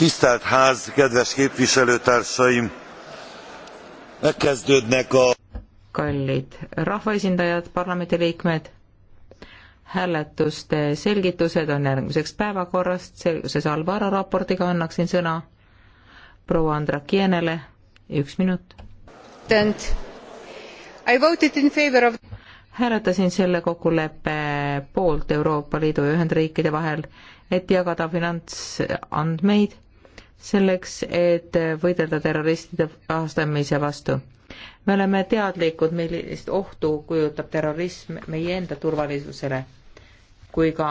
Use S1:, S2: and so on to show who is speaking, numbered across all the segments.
S1: tisztelt ház kedves képviselőtársaim megkezdődnek a
S2: kallid rahvaesindajad parlamendi liikmed hääletuste selgitused on järgmiseks päevakorrast selguses Alvaro raportiga annaksin sõna proua Andrakienele üks minut of... hääletasin selle kokkuleppe poolt Euroopa Liidu ja Ühendriikide vahel et jagada finantsandmeid selleks, et võidelda terroristide rahastamise vastu. me oleme teadlikud, millist ohtu kujutab terrorism meie enda turvalisusele kui ka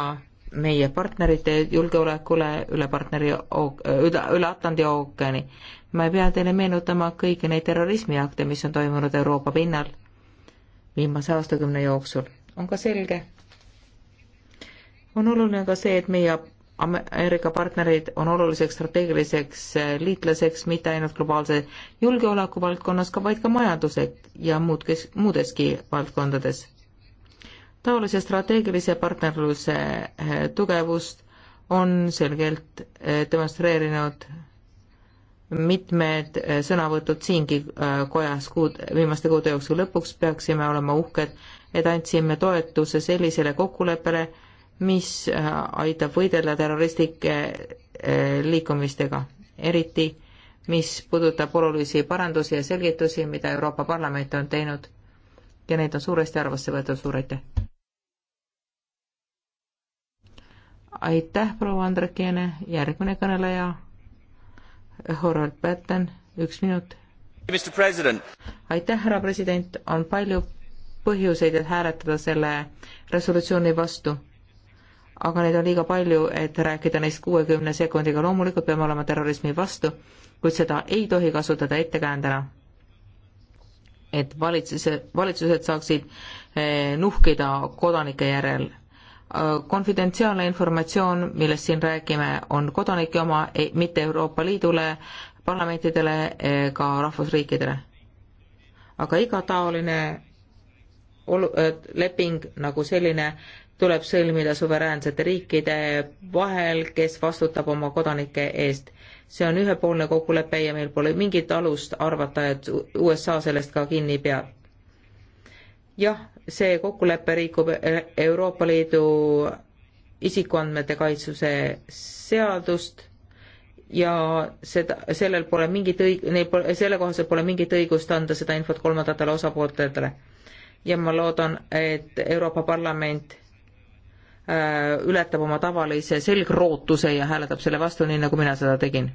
S2: meie partnerite julgeolekule üle partneri, üle, üle Atlandi ookeani. ma ei pea teile meenutama kõiki neid terrorismiakte, mis on toimunud Euroopa pinnal viimase aastakümne jooksul. on ka selge. on oluline ka see, et meie Ameerika partnerid on oluliseks strateegiliseks eh, liitlaseks mitte ainult globaalse julgeoleku valdkonnas, vaid ka majandused ja muud, kes, muudeski valdkondades. taolise strateegilise partnerluse eh, tugevust on selgelt eh, demonstreerinud mitmed sõnavõtud siingi kojas kuud, viimaste kuude jooksul. lõpuks peaksime olema uhked, et andsime toetuse sellisele kokkuleppele, mis äh, aitab võidelda terroristlike äh, liikumistega, eriti mis puudutab olulisi parandusi ja selgitusi, mida Euroopa Parlament on teinud ja neid on suuresti arvesse võetud, suur aitäh! aitäh, proua Andrekiene, järgmine kõneleja, Horald Pätten, üks minut. aitäh, härra president, on palju põhjuseid, et hääletada selle resolutsiooni vastu aga neid on liiga palju, et rääkida neist kuuekümne sekundiga, loomulikult peame olema terrorismi vastu, kuid seda ei tohi kasutada ettekäändena, et valitsuse, valitsused saaksid eh, nuhkida kodanike järel. Äh, konfidentsiaalne informatsioon, millest siin räägime, on kodanike oma, mitte Euroopa Liidule, parlamentidele ega eh, rahvusriikidele. aga igataoline olu-, äh, leping nagu selline tuleb sõlmida suveräänsete riikide vahel, kes vastutab oma kodanike eest. see on ühepoolne kokkulepe ja meil pole mingit alust arvata, et USA sellest ka kinni peab. jah, see kokkulepe rikub Euroopa Liidu isikuandmete kaitsuse seadust ja seda, sellel pole mingit õig-, neil pole, selle kohaselt pole mingit õigust anda seda infot kolmandatele osapooltele. ja ma loodan, et Euroopa Parlament Äh, ületab oma tavalise selgrootuse ja hääletab selle vastu, nii nagu mina seda tegin.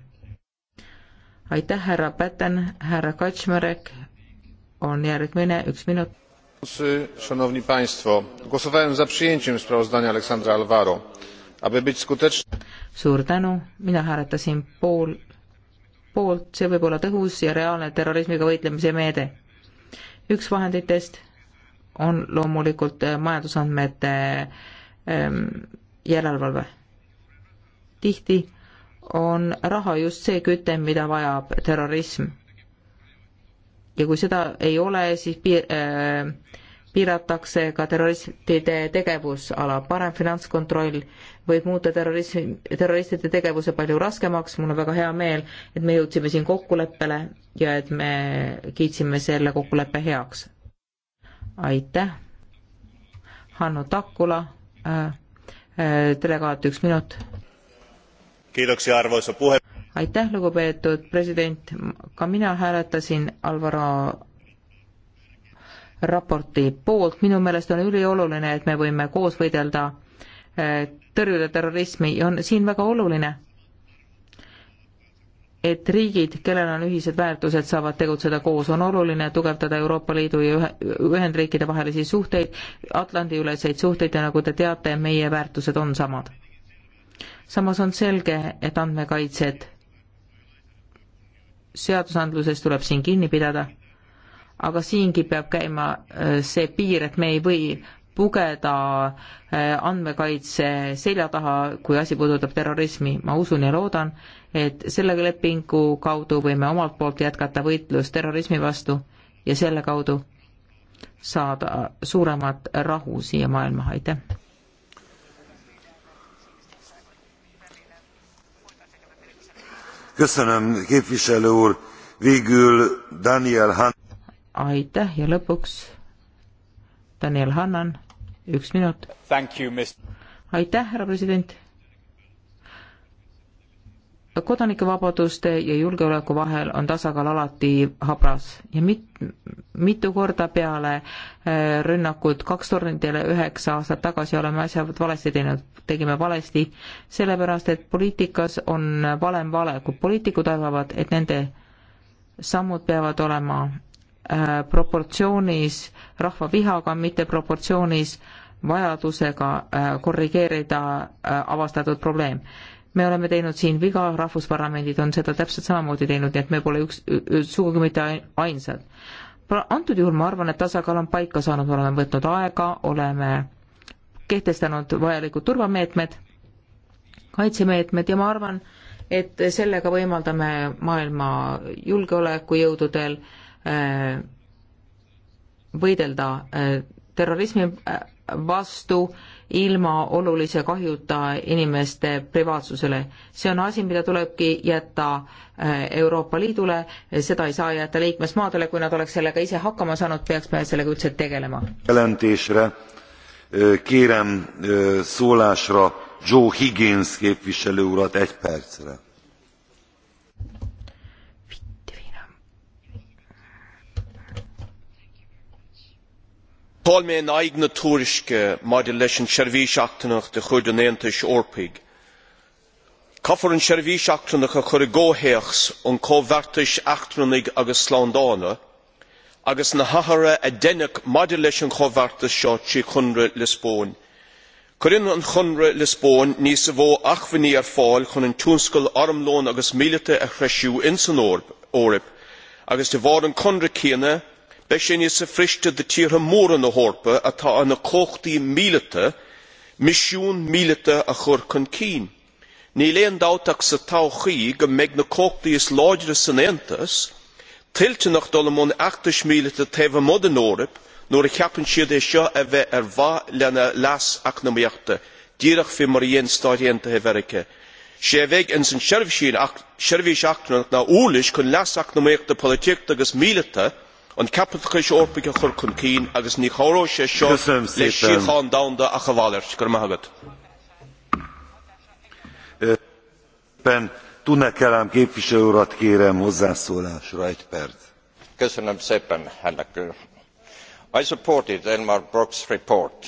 S2: aitäh, härra Päten, härra Kaczmarek on järgmine, üks minut.
S3: Szanowni Państwo, głosowałem za przyjęciem sprawozdania Aleksandra Alvaro. Aby być skutecznym...
S2: Suur tänu, mina hääletasin pool, poolt, see võib olla tõhus ja reaalne terrorismiga võitlemise meede. üks vahenditest on loomulikult äh, majandusandmete äh, Ehm, järelevalve. tihti on raha just see küte, mida vajab terrorism. ja kui seda ei ole, siis piir- äh,, piiratakse ka terroristide tegevusala, parem finantskontroll võib muuta terrorismi, terroristide tegevuse palju raskemaks, mul on väga hea meel, et me jõudsime siin kokkuleppele ja et me kiitsime selle kokkuleppe heaks. aitäh, Hanno Takula Äh, äh, delegaat, üks minut. aitäh, lugupeetud president, ka mina hääletasin Alvaro raporti poolt, minu meelest on ülioluline, et me võime koos võidelda, äh, tõrjuda terrorismi ja on siin väga oluline et riigid, kellel on ühised väärtused, saavad tegutseda koos, on oluline tugevdada Euroopa Liidu ja Ühendriikide vahelisi suhteid, Atlandi-üleseid suhteid ja nagu te teate, meie väärtused on samad. samas on selge, et andmekaitset seadusandluses tuleb siin kinni pidada, aga siingi peab käima äh, see piir, et me ei või pugeda eh, andmekaitse selja taha, kui asi puudutab terrorismi. ma usun ja loodan, et selle lepingu kaudu võime omalt poolt jätkata võitlust terrorismi vastu ja selle kaudu saada suuremat rahu siia maailma, aitäh!
S1: köszönöm képviselő úr végül Daniel Han
S2: aitäh ja lõpuks Daniel Hannan üks minut. aitäh, härra president. kodanikevabaduste ja julgeoleku vahel on tasakaal alati habras ja mit-, mitu korda peale äh, rünnakut kaks tornidele üheksa aastat tagasi oleme asjad valesti teinud, tegime valesti, sellepärast et poliitikas on valem vale, kui poliitikud arvavad, et nende sammud peavad olema Äh, proportsioonis rahvavihaga, mitte proportsioonis vajadusega äh, korrigeerida äh, avastatud probleem. me oleme teinud siin viga, rahvusparlamendid on seda täpselt samamoodi teinud, nii et me pole üks, sugugi mitte ainsad. antud juhul ma arvan, et tasakaal on paika saanud, me oleme võtnud aega, oleme kehtestanud vajalikud turvameetmed, kaitsemeetmed ja ma arvan, et sellega võimaldame maailma julgeolekujõududel äh, Äh, võidelda äh, terrorismi äh, vastu ilma olulise kahjuta inimeste privaatsusele. see on asi, mida tulebki jätta Euroopa Liidule, seda ei saa jätta liikmesmaadele, kui nad oleks sellega ise hakkama saanud, peaks me sellega üldse tegelema.
S1: Kérem szólásra Joe Higgins képviselő urat egy percre.
S3: Tá mé an aig na tuairisce mar de leis an seirbhíseachtainach de chuir den éantais orpaig. Cafar an seirbhíseachtainach a chur i ggóhéachs an cóhhartais achtranig agus sláándána, agus na hathara a dénach mar de leis an chóhhartas seo trí chunre Lisbón. Corinn an chunre Lisbón níos a bhó achmhaí ar fáil chun an túnscoil armlón agus mílete a chreisiú in san órip, agus de bhar an chunre céine leis sin is sa friste de tíortha móra na hórpa atá ina cóchtaí míleata misiún míleata a chur chun cín ní léon dáteach sa todhchaí go mbeidh na cóchtaí is láidre san Aontas tiltúnach dul mún achtais míleata taobh mud in eorp nuair a cheapann siad é seo a bheith ar bhá lena leas acnamaíochta díreach fí mar dhéon stáiríonnta mheirice sé bheith an san seirbhísí acnamach na uaillis chun leas acnamaíochta polaitíochta agus míleata an ceapadh chuis eorpaigh a chur chun cinn agus ní chóróidh sé seo leis síochán damhanda a chomh bhailirt gur maithagad
S1: éppen tunnekelám képviselő urat kérem hozzászólásra egy
S3: perc. köszönöm szépen elnök úr! i supported elmar brok's report.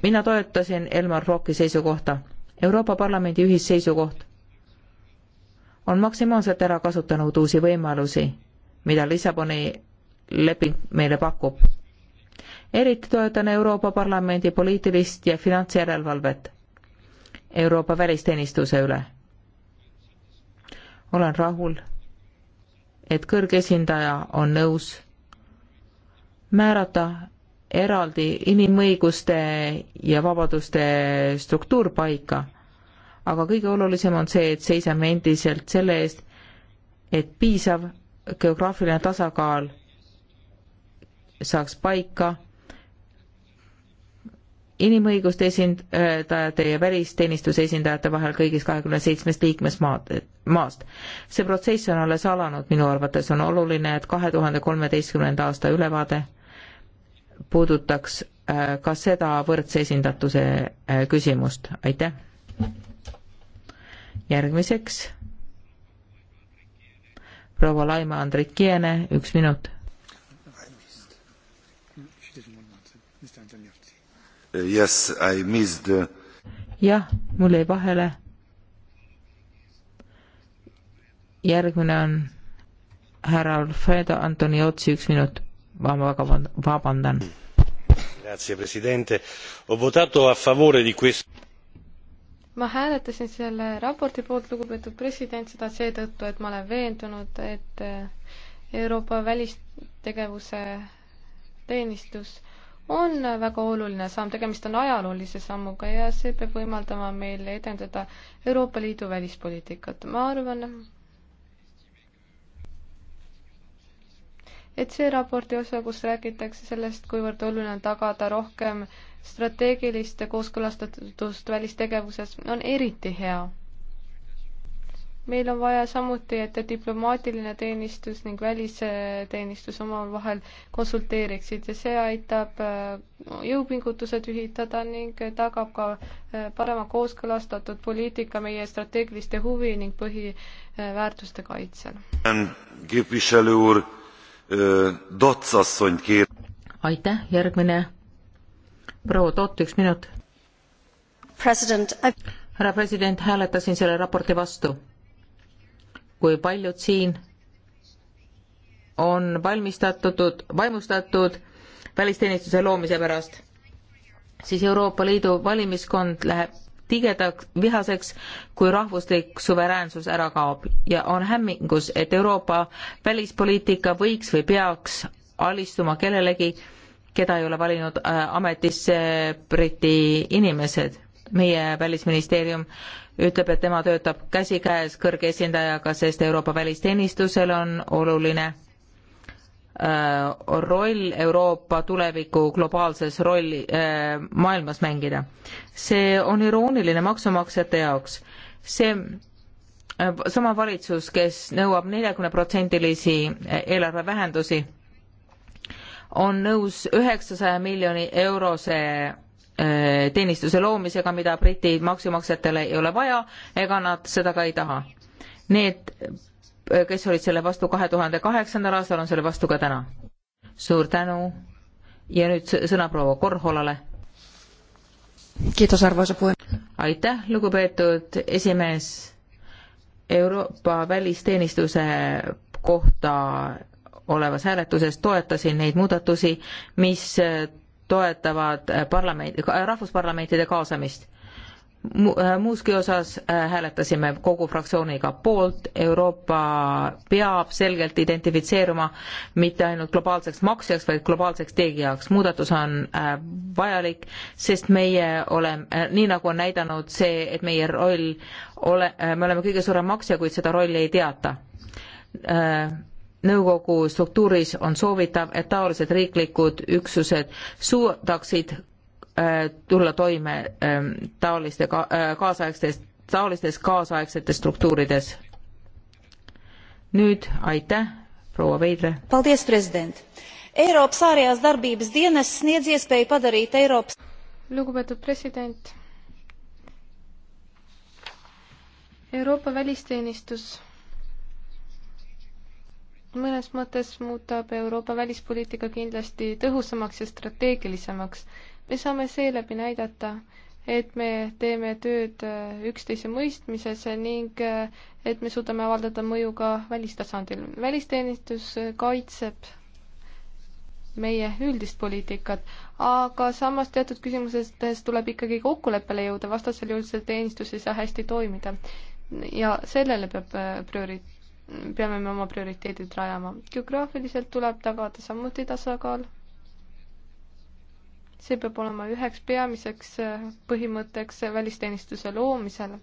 S2: mina toetasin elmar broki seisukohta. euroopa parlamendi ühisseisukoht on maksimaalselt ära kasutanud uusi võimalusi mida lissaboni leping meile pakub. eriti toetan Euroopa Parlamendi poliitilist ja finantsjärelevalvet Euroopa välisteenistuse üle. olen rahul, et kõrgesindaja on nõus määrata eraldi inimõiguste ja vabaduste struktuur paika, aga kõige olulisem on see, et seisame endiselt selle eest, et piisav geograafiline tasakaal saaks paika inimõiguste esindajate ja välisteenistuse esindajate vahel kõigis kahekümne seitsmest liikmesmaad, maast. see protsess on alles alanud, minu arvates on oluline, et kahe tuhande kolmeteistkümnenda aasta ülevaade puudutaks äh, ka seda võrdse esindatuse äh, küsimust, aitäh. järgmiseks proua Laima Andrikiene, üks minut
S1: Yes, I missed the...
S2: jah, mul jäi vahele. järgmine on härra Alfredo Antoniotsi, üks minut. ma väga vabandan.
S1: Grazie, president. Ho votato a favore di questo
S4: ma hääletasin selle raporti poolt, lugupeetud president, seda seetõttu, et ma olen veendunud, et Euroopa välistegevuse teenistus äh, on väga oluline samm, tegemist on ajaloolise sammuga ja see peab võimaldama meil edendada Euroopa Liidu välispoliitikat. ma arvan, et see raporti osa, kus räägitakse sellest, kuivõrd oluline on tagada rohkem strateegilist kooskõlastatust välistegevuses, on eriti hea meil on vaja samuti, et diplomaatiline teenistus ning välisteenistus omavahel konsulteeriksid ja see aitab äh, jõupingutused ühitada ning tagab ka äh, parema kooskõlastatud poliitika meie strateegiliste huvi ning põhiväärtuste kaitsel.
S1: Äh,
S2: aitäh, järgmine proua Toot, üks minut. härra president, hääletasin selle raporti vastu kui paljud siin on valmistatud, vaimustatud välisteenistuse loomise pärast, siis Euroopa Liidu valimiskond läheb tigedaks vihaseks, kui rahvuslik suveräänsus ära kaob ja on hämmingus, et Euroopa välispoliitika võiks või peaks alistuma kellelegi, keda ei ole valinud äh, ametisse Briti inimesed. meie välisministeerium ütleb, et tema töötab käsikäes kõrge esindajaga, sest Euroopa välisteenistusel on oluline äh, roll Euroopa tuleviku globaalses rolli äh, maailmas mängida. see on irooniline maksumaksjate jaoks. see äh, sama valitsus, kes nõuab neljakümneprotsendilisi äh, eelarvevähendusi, on nõus üheksasaja miljoni eurose Äh, teenistuse loomisega, mida Briti maksumaksjatele ei ole vaja ega nad seda ka ei taha. Need, äh, kes olid selle vastu kahe tuhande kaheksandal aastal, on selle vastu ka täna. suur tänu ja nüüd sõna proua Korholale. aitäh, lugupeetud esimees. Euroopa välisteenistuse kohta olevas hääletuses toetasin neid muudatusi, mis toetavad parlament, äh, rahvusparlamentide kaasamist. Äh, muuski osas äh, hääletasime kogu fraktsiooniga poolt, Euroopa peab selgelt identifitseeruma mitte ainult globaalseks maksjaks, vaid globaalseks tegijaks. muudatus on vajalik, sest meie oleme, nii nagu on näidanud see, et meie roll ole, me oleme kõige suurem maksja, kuid seda rolli ei teata nõukogu struktuuris on soovitav, et taolised riiklikud üksused suudaksid äh, tulla toime ähm, taoliste ka, äh, kaasaegstes, taolistes kaasaegsetes struktuurides. nüüd aitäh, proua Veidre. Paldies, president.
S4: Euroopas ārējās darbības dienas sniedz iespēju padarīt Euroopas lugupeetud president, Euroopa välisteenistus mõnes mõttes muudab Euroopa välispoliitika kindlasti tõhusamaks ja strateegilisemaks. me saame seeläbi näidata, et me teeme tööd äh, üksteise mõistmises ning äh, et me suudame avaldada mõju ka välistasandil. välisteenistus äh, kaitseb meie üldist poliitikat, aga samas teatud küsimustes tuleb ikkagi kokkuleppele jõuda, vastasel juhul see teenistus ei saa hästi toimida. ja sellele peab priori-, peame me oma prioriteedid rajama. geograafiliselt tuleb tagada samuti tasakaal. see peab olema üheks peamiseks äh, põhimõtteks välisteenistuse loomisel.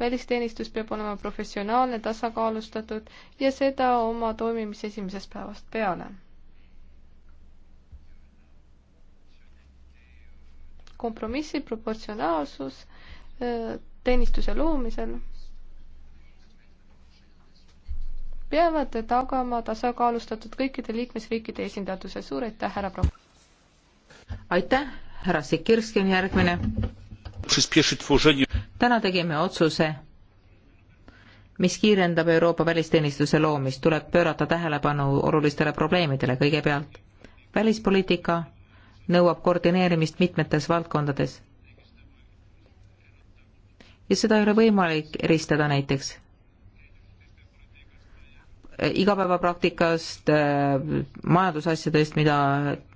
S4: välisteenistus peab olema professionaalne, tasakaalustatud ja seda oma toimimise esimesest päevast peale. kompromissi proportsionaalsus äh, teenistuse loomisel peavad tagama tasakaalustatud kõikide liikmesriikide esindatuse. suur aitäh, härra Prokk! aitäh,
S2: härra Sikirski on järgmine. täna tegime otsuse, mis kiirendab Euroopa välisteenistuse loomist, tuleb pöörata tähelepanu olulistele probleemidele kõigepealt. välispoliitika nõuab koordineerimist mitmetes valdkondades. ja seda ei ole võimalik eristada näiteks Äh, igapäevapraktikast, äh, majandusasjadest, mida,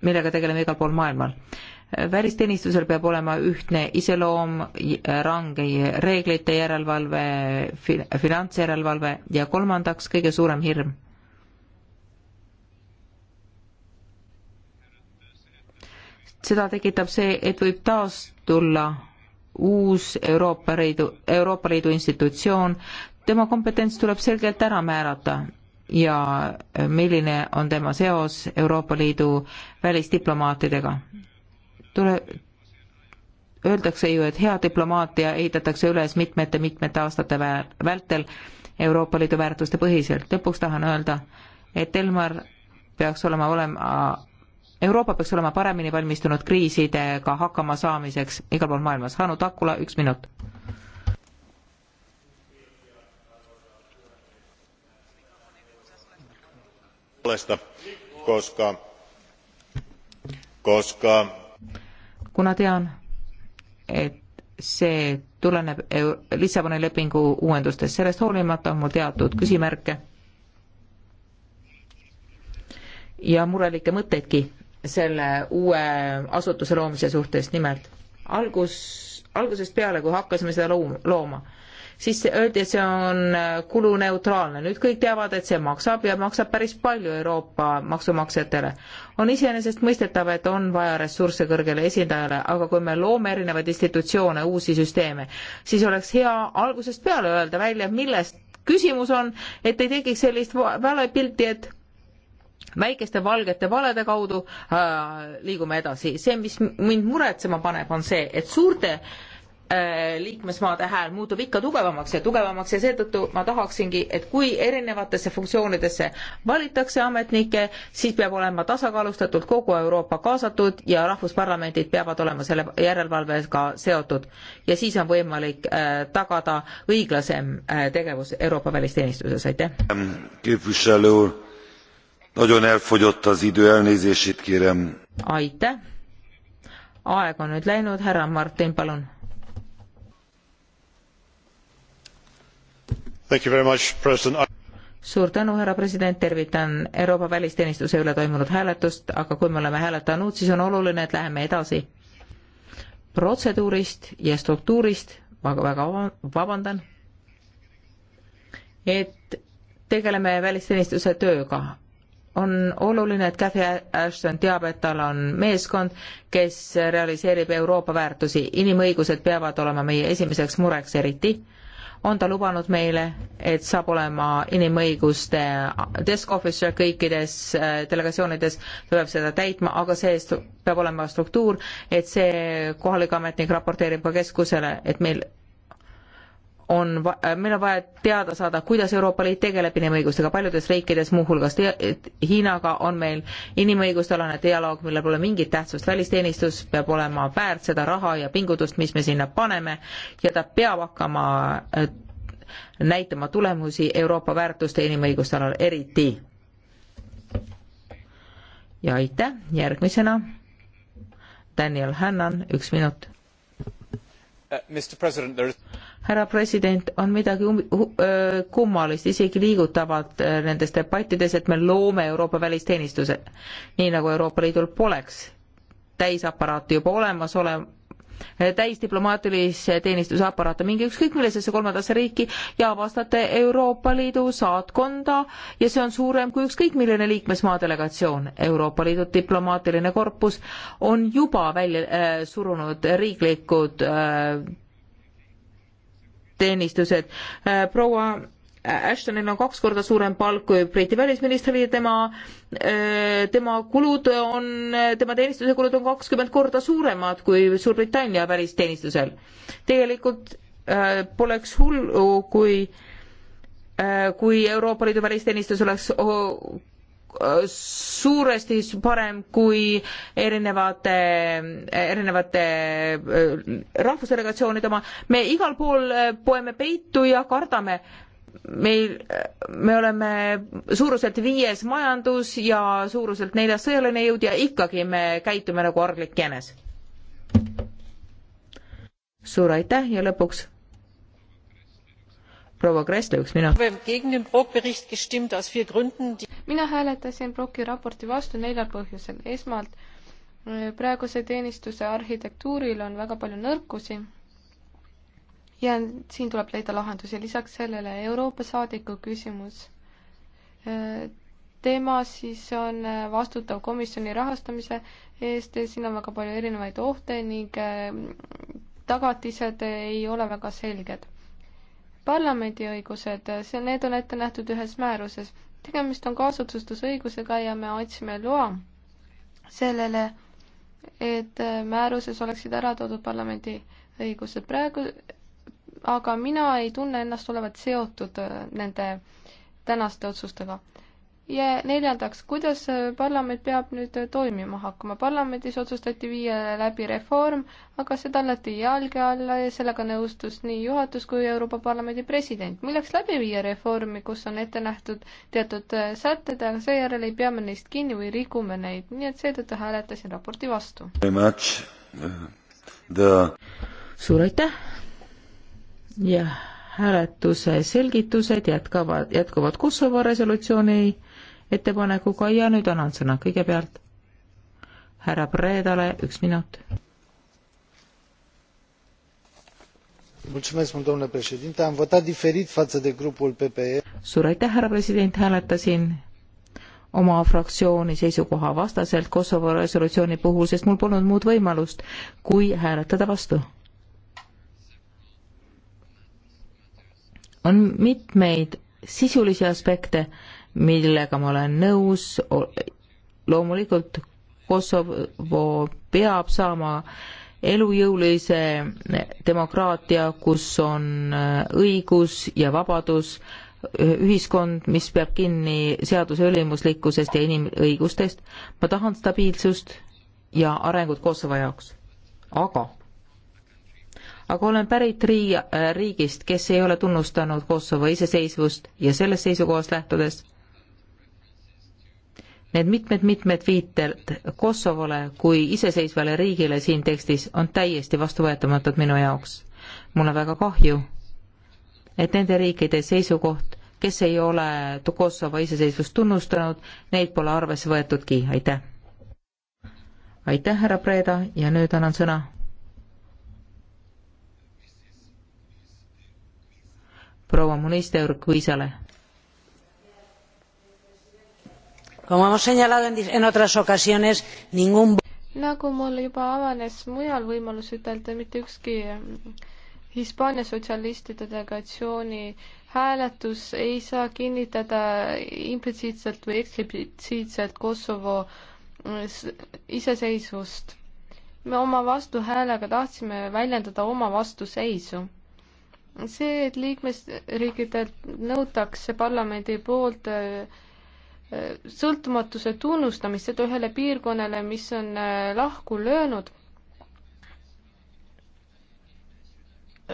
S2: millega tegeleme igal pool maailmal. Äh, välisteenistusel peab olema ühtne iseloom, range reeglite järelevalve, finantsjärelevalve ja kolmandaks kõige suurem hirm. seda tekitab see, et võib taas tulla uus Euroopa Liidu, Euroopa Liidu institutsioon, tema kompetents tuleb selgelt ära määrata ja äh, milline on tema seos Euroopa Liidu välisdiplomaatidega. tule, öeldakse ju, et hea diplomaatia ehitatakse üles mitmete-mitmete aastate vältel Euroopa Liidu väärtuste põhiselt. lõpuks tahan öelda, et Elmar peaks olema olema, Euroopa peaks olema paremini valmistunud kriisidega hakkama saamiseks igal pool maailmas. Hannu Takula, üks minut
S1: puolesta koska, koska...
S2: Kuna tean, et see tuleneb Lissaboni lepingu uuendustest, sellest hoolimata on mul teatud küsimärke ja murelikke mõtteidki selle uue asutuse loomise suhtes, nimelt algus, algusest peale, kui hakkasime seda looma, looma siis öeldi, et see on kuluneutraalne. nüüd kõik teavad, et see maksab ja maksab päris palju Euroopa maksumaksjatele. on iseenesestmõistetav, et on vaja ressursse kõrgele esindajale, aga kui me loome erinevaid institutsioone, uusi süsteeme, siis oleks hea algusest peale öelda välja, millest küsimus on, et ei tekiks sellist valepilti, et väikeste valgete valede kaudu äh, liigume edasi. see, mis mind muretsema paneb, on see, et suurte äh, Äh, liikmesmaade hääl muutub ikka tugevamaks ja tugevamaks ja seetõttu ma tahaksingi, et kui erinevatesse funktsioonidesse valitakse ametnikke, siis peab olema tasakaalustatult kogu Euroopa kaasatud ja rahvusparlamendid peavad olema selle järelevalvega seotud. ja siis on võimalik äh, tagada õiglasem äh, tegevus Euroopa välisteenistuses, aitäh. aitäh. aeg on nüüd läinud, härra Martin, palun suur tänu, härra president, tervitan Euroopa välisteenistuse üle toimunud hääletust, aga kui me oleme hääletanud, siis on oluline, et läheme edasi protseduurist ja struktuurist, ma väga vabandan, et tegeleme välisteenistuse tööga. on oluline, et Cathy Ashton teab, et tal on meeskond, kes realiseerib Euroopa väärtusi. inimõigused peavad olema meie esimeseks mureks eriti äh, on ta lubanud meile, et saab olema inimõiguste desk officer kõikides äh, delegatsioonides, ta peab seda täitma, aga see peab olema struktuur, et see kohalik ametnik raporteerib ka keskusele, et meil on, äh, meil on vaja teada saada, kuidas Euroopa Liit tegeleb inimõigustega, paljudes riikides, muuhulgas Hiinaga, on meil inimõiguste alane dialoog, millel pole mingit tähtsust, välisteenistus peab olema väärt seda raha ja pingutust, mis me sinna paneme ja ta peab hakkama äh, näitama tulemusi Euroopa väärtuste ja inimõiguste alal eriti. ja aitäh, järgmisena Daniel Hannan, üks minut.
S3: Uh, Mr President, there is
S2: härra president, on midagi um- kummalist, isegi liigutavalt nendes debattides, et me loome Euroopa välisteenistuse, nii nagu Euroopa Liidul poleks täisaparaati juba olemas ole-, täisdiplomaatilise teenistuse aparaate mingi ükskõik millisesse kolmandasse riiki ja avastate Euroopa Liidu saatkonda ja see on suurem kui ükskõik milline liikmesmaa delegatsioon. Euroopa Liidu diplomaatiline korpus on juba välja äh, surunud riiklikud äh, teenistused. Äh, proua Ashtonil on kaks korda suurem palk kui Briti välisministril ja tema, äh, tema kulud on, tema teenistuse kulud on kakskümmend korda suuremad kui Suurbritannia välisteenistusel. tegelikult äh, poleks hullu, kui kui Euroopa Liidu välisteenistus oleks oh, suuresti parem kui erinevate, erinevate äh, rahvusdelegatsioonide oma. me igal pool äh, poeme peitu ja kardame. meil, äh, me oleme suuruselt viies majandus ja suuruselt neljas sõjaline jõud ja ikkagi me käitume nagu arglik jänes. suur aitäh ja lõpuks proua Kressle, üks minut
S4: mina hääletasin Broki raporti vastu neljal põhjusel. esmalt, äh, praeguse teenistuse arhitektuuril on väga palju nõrkusi ja siin tuleb leida lahendusi. lisaks sellele Euroopa saadiku küsimus. Äh, tema siis on äh, vastutav komisjoni rahastamise eest, siin on väga palju erinevaid ohte ning tagatised ei ole väga selged parlamendi õigused, see, need on ette nähtud ühes määruses tegemist on kaasotsustusõigusega ja me otsime loa sellele, et määruses oleksid ära toodud parlamendi õigused. praegu aga mina ei tunne ennast olevat seotud äh, nende tänaste otsustega ja neljandaks, kuidas äh, parlament peab nüüd äh, toimima hakkama? parlamendis otsustati viia läbi reform, aga see tallati jalge alla ja sellega nõustus nii juhatus kui Euroopa Parlamendi president. milleks läbi viia reformi, kus on ette nähtud teatud äh, sätted, aga seejärel ei pea me neist kinni või rikume neid, nii et seetõttu hääletasin raporti vastu.
S2: The... suur aitäh ja hääletuse selgitused jätkavad, jätkuvad Kosovo resolutsiooni ettepanekuga ja nüüd annan sõna kõigepealt härra Predale, üks minut.
S1: am votat diferit față de grupul PPE.
S2: suur aitäh, härra president, hääletasin oma fraktsiooni seisukoha vastaselt Kosovo resolutsiooni puhul, sest mul polnud muud võimalust, kui hääletada vastu. on mitmeid sisulisi aspekte, millega ma olen nõus, loomulikult Kosovo peab saama elujõulise demokraatia, kus on õigus ja vabadus, ühiskond, mis peab kinni seaduse ülimuslikkusest ja inimõigustest. ma tahan stabiilsust ja arengut Kosovo jaoks. aga, aga olen pärit riigi, äh, riigist, kes ei ole tunnustanud Kosovo iseseisvust ja sellest seisukohast lähtudes Need mitmed-mitmed viited Kosovole kui iseseisvale riigile siin tekstis on täiesti vastuvõetamatud minu jaoks. mul on väga kahju, et nende riikide seisukoht, kes ei ole Kosovo iseseisvust tunnustanud, neid pole arvesse võetudki, aitäh. aitäh, härra Preda ja nüüd annan sõna. proua minister Kuisale como hemos señalado en otras ocasiones ningún
S4: nagu mul juba avanes mujal võimalus ütelda, mitte ükski mm, Hispaania sotsialistide delegatsiooni hääletus ei saa kinnitada implitsiitselt või eksplitsiitselt Kosovo mm, iseseisvust. me oma vastuhäälega tahtsime väljendada oma vastuseisu. see, et liikmesriikidelt nõutakse parlamendi poolt äh, sõltumatuse tunnustamist, seda ühele piirkonnale, mis on äh, lahku löönud.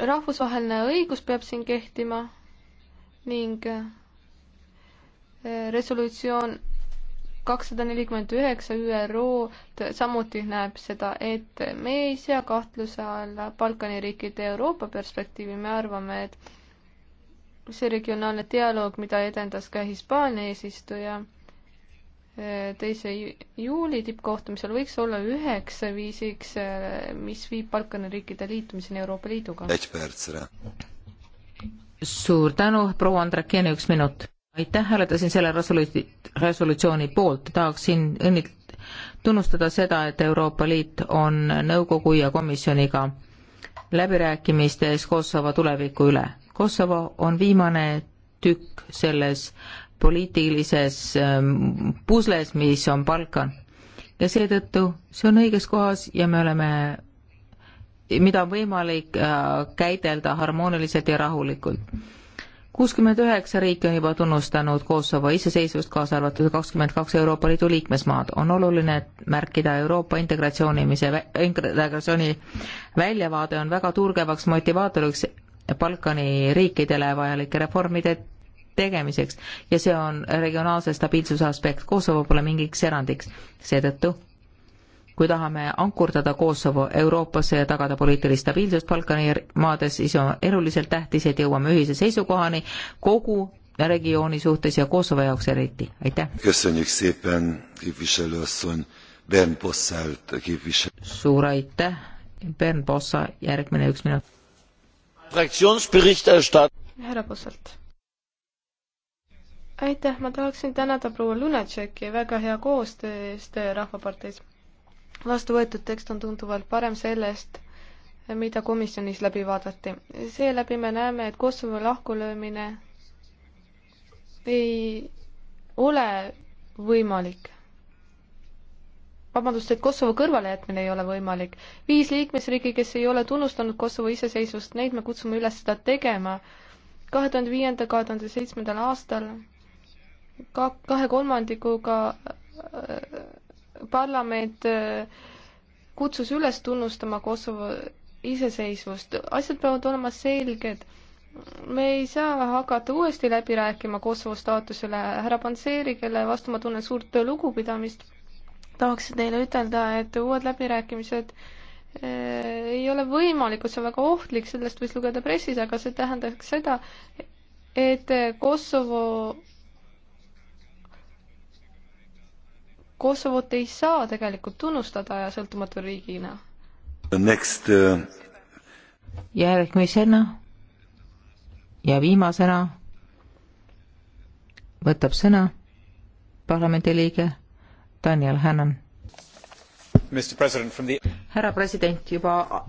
S4: rahvusvaheline õigus peab siin kehtima ning äh, resolutsioon kakssada nelikümmend üheksa ÜRO samuti näeb seda, et me ei sea kahtluse alla Balkani riikide Euroopa perspektiivi, me arvame, et see regionaalne dialoog, mida edendas ka Hispaania eesistuja eh, teise juuli tippkohtumisel, võiks olla üheks viisiks, eh, mis viib Balkani riikide liitumiseni Euroopa Liiduga.
S2: suur tänu, proua Andrekene, üks minut. aitäh, hääletasin selle resolu-, resolutsiooni poolt, tahaksin õnnit-, tunnustada seda, et Euroopa Liit on nõukogu ja komisjoniga läbirääkimistes Kosovo tuleviku üle Kosovo on viimane tükk selles poliitilises ähm, pusles, mis on Balkan. ja seetõttu see on õiges kohas ja me oleme, mida on võimalik äh, käidelda harmooniliselt ja rahulikult. kuuskümmend üheksa riiki on juba tunnustanud Kosovo iseseisvust, kaasa arvatud kakskümmend kaks Euroopa Liidu liikmesmaad. on oluline märkida Euroopa integratsiooni, mis see integratsiooni väljavaade on väga turgevaks motivaatoriks Balkani riikidele vajalike reformide tegemiseks ja see on regionaalse stabiilsuse aspekt, Kosovo pole mingiks erandiks. seetõttu, kui tahame ankurdada Kosovo Euroopasse ja tagada poliitilist stabiilsust Balkani maades, siis on eluliselt tähtis, et jõuame ühise seisukohani kogu regiooni suhtes ja Kosovo jaoks eriti, aitäh! suur aitäh, Bern Bossa, järgmine üks minut
S4: härra Posselt. aitäh, ma tahaksin tänada proua Lunatšeki väga hea koostöö eest Rahvaparteis. vastu võetud tekst on tunduvalt parem sellest, mida komisjonis läbi vaadati. seeläbi me näeme, et Kosovo lahkulöömine ei ole võimalik vabandust, et Kosovo kõrvalejätmine ei ole võimalik. viis liikmesriiki, kes ei ole tunnustanud Kosovo iseseisvust, neid me kutsume üles seda tegema. kahe tuhande viienda, kahe tuhande seitsmendal aastal ka kahe kolmandikuga äh, parlament äh, kutsus üles tunnustama Kosovo iseseisvust. asjad peavad olema selged me ei saa hakata uuesti läbi rääkima Kosovo staatuse üle. härra Panseri, kelle vastu ma tunnen suurt lugupidamist, tahaksin teile ütelda, et uued läbirääkimised eh, ei ole võimalikud, see on väga ohtlik, sellest võis lugeda pressis, aga see tähendaks seda, et Kosovo, Kosovot ei saa tegelikult tunnustada ja sõltumatu riigina.
S1: Next uh....
S2: järgmisena ja viimasena võtab sõna parlamendiliige Daniel Hannan. härra president, juba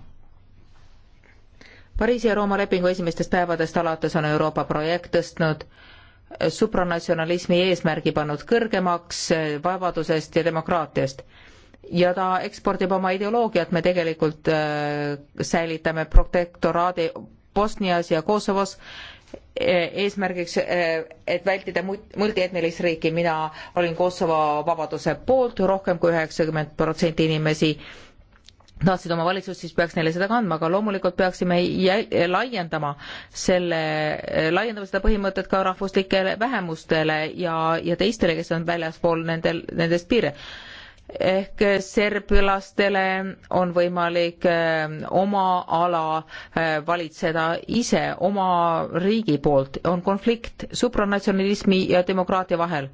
S2: Pariisi ja Rooma lepingu esimestest päevadest alates on Euroopa projekt tõstnud supranatsionalismi eesmärgi pannud kõrgemaks vabadusest ja demokraatiast ja ta ekspordib oma ideoloogiat, me tegelikult äh, säilitame protektoraadi Bosnias ja Kosovos Eh, eesmärgiks, eh, et vältida multietnilist riiki, mina olin Kosovo vabaduse poolt, rohkem kui üheksakümmend protsenti inimesi tahtsid oma valitsust, siis peaks neile seda kandma, aga loomulikult peaksime laiendama selle, eh, laiendama seda põhimõtet ka rahvuslikele vähemustele ja, ja teistele, kes on väljaspool nendel, nendest piire ehk serblastele on võimalik ähm, oma ala äh, valitseda ise oma riigi poolt, on konflikt supranatsionalismi ja demokraatia vahel.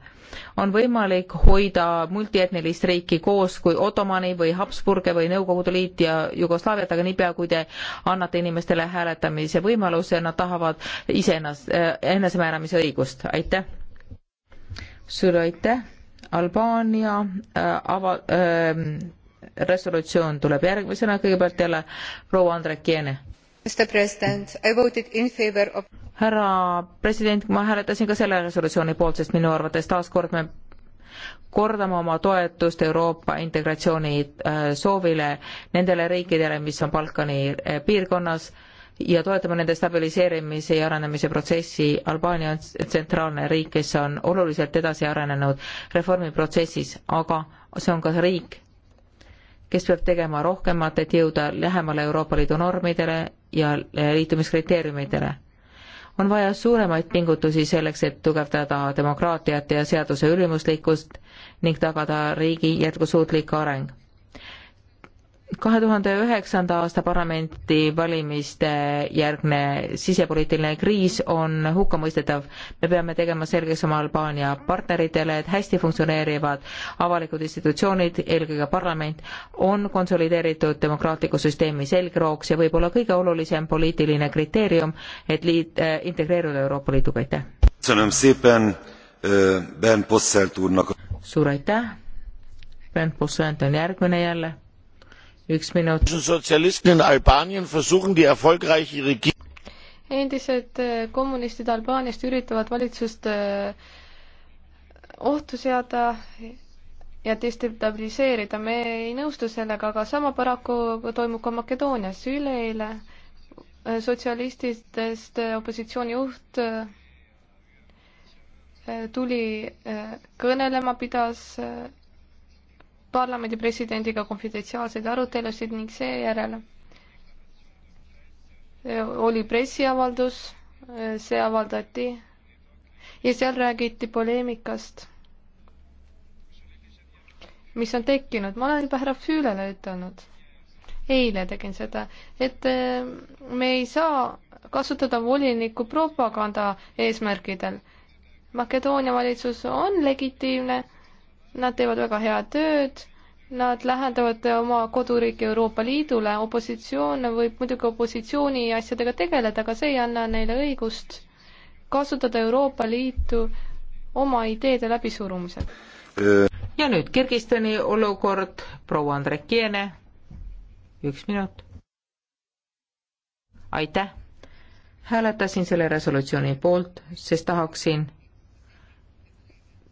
S2: on võimalik hoida multietnilist riiki koos kui Ottomani või Habsburge või Nõukogude Liit ja Jugoslaaviat, aga niipea, kui te annate inimestele hääletamise võimaluse, nad tahavad iseennast, äh, enesemääramisõigust, aitäh! suur aitäh! Albaania äh, ava- äh,, resolutsioon tuleb järgmisena, kõigepealt jälle proua Andrekiene. härra president, ma hääletasin ka selle resolutsiooni poolt, sest minu arvates taaskord me kordame oma toetust Euroopa integratsiooni äh, soovile nendele riikidele, mis on Balkani äh, piirkonnas äh, ja toetama nende stabiliseerimise ja arenemise protsessi. Albaania on tsentraalne riik, kes on oluliselt edasi arenenud reformiprotsessis, aga see on ka riik, kes peab tegema rohkemat, et jõuda lähemale Euroopa Liidu normidele ja liitumiskriteeriumidele. on vaja suuremaid pingutusi selleks, et tugevdada demokraatiat ja seaduse ülimuslikkust ning tagada riigi jätkusuutlik areng kahe tuhande üheksanda aasta parlamenti valimiste järgne sisepoliitiline kriis on hukkamõistetav. me peame tegema selgeks oma Albaania partneritele, et hästi funktsioneerivad avalikud institutsioonid, eelkõige parlament, on konsolideeritud demokraatliku süsteemi selgrooks ja võib-olla kõige olulisem poliitiline kriteerium, et liit äh,, integreeruda Euroopa Liiduga, aitäh! suur aitäh! Bernd Posselt on järgmine jälle üks minut.
S4: endised äh, kommunistid Albaaniast üritavad valitsust äh, ohtu seada ja destabiliseerida, me ei nõustu sellega, aga sama paraku toimub ka Makedoonias. üleeile äh, sotsialistidest opositsioonijuht tuli kõnelema, pidas parlamendi presidendiga konfidentsiaalseid arutelusid ning seejärel äh, oli pressiavaldus, äh, see avaldati ja seal räägiti poleemikast, mis on tekkinud, ma olen juba härra Füülele ütelnud, eile tegin seda, et äh, me ei saa kasutada voliniku propaganda eesmärgidel. Makedoonia valitsus on legitiimne Nad teevad väga head tööd, nad lähendavad oma koduriiki Euroopa Liidule, opositsioon võib muidugi opositsiooni asjadega tegeleda, aga see ei anna neile õigust kasutada Euroopa Liitu oma ideede läbisurumisel.
S2: ja nüüd Kirgistani olukord, proua Andrekiene, üks minut. aitäh! hääletasin selle resolutsiooni poolt, sest tahaksin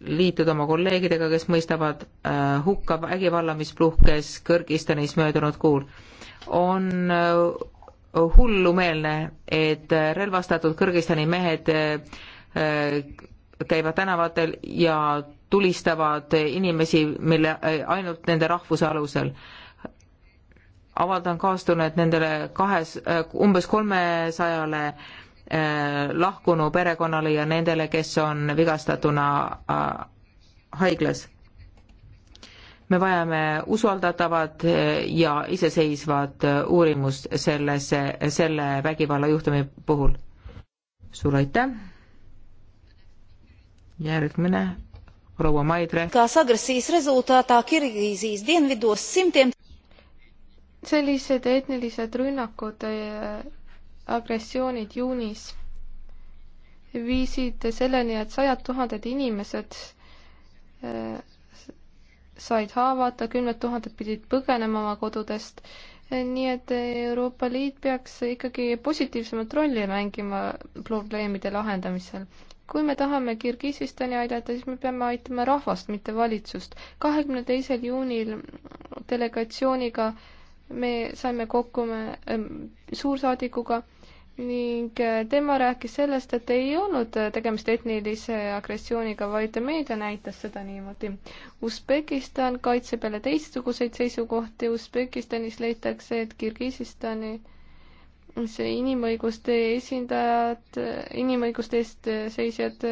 S2: liituda oma kolleegidega, kes mõistavad äh, hukka vägivalla, mis puhkes Kõrgistanis möödunud kuul. on äh, hullumeelne, et äh, relvastatud Kõrgistani mehed käivad tänavatel ja tulistavad inimesi, mille, ainult nende rahvuse alusel avaldan kaastunnet nendele kahes, umbes kolmesajale Äh, lahkunu perekonnale ja nendele, kes on vigastatuna äh, haiglas. me vajame usaldatavat äh, ja iseseisvat uurimust selles, selle vägivallajuhtumi puhul. suur aitäh! järgmine, proua Maidre. kas agressiis
S4: resultaata Kirgiisis dienvidos simtiem sellised etnilised rünnakud agressioonid juunis viisid selleni, et sajad tuhanded inimesed äh, said haavata, kümned tuhanded pidid põgenema oma kodudest, nii et Euroopa Liit peaks ikkagi positiivsemat rolli mängima probleemide lahendamisel. kui me tahame Kirgisistani aidata, siis me peame aitama rahvast, mitte valitsust. kahekümne teisel juunil delegatsiooniga me saime kokku me, äh, suursaadikuga ning äh, tema rääkis sellest, et ei olnud äh, tegemist etnilise agressiooniga, vaid meedia näitas seda niimoodi. Usbekistan kaitseb jälle teistsuguseid seisukohti, Usbekistanis leitakse, et Kirgisistani äh, see inimõiguste esindajad, inimõiguste eest seisjad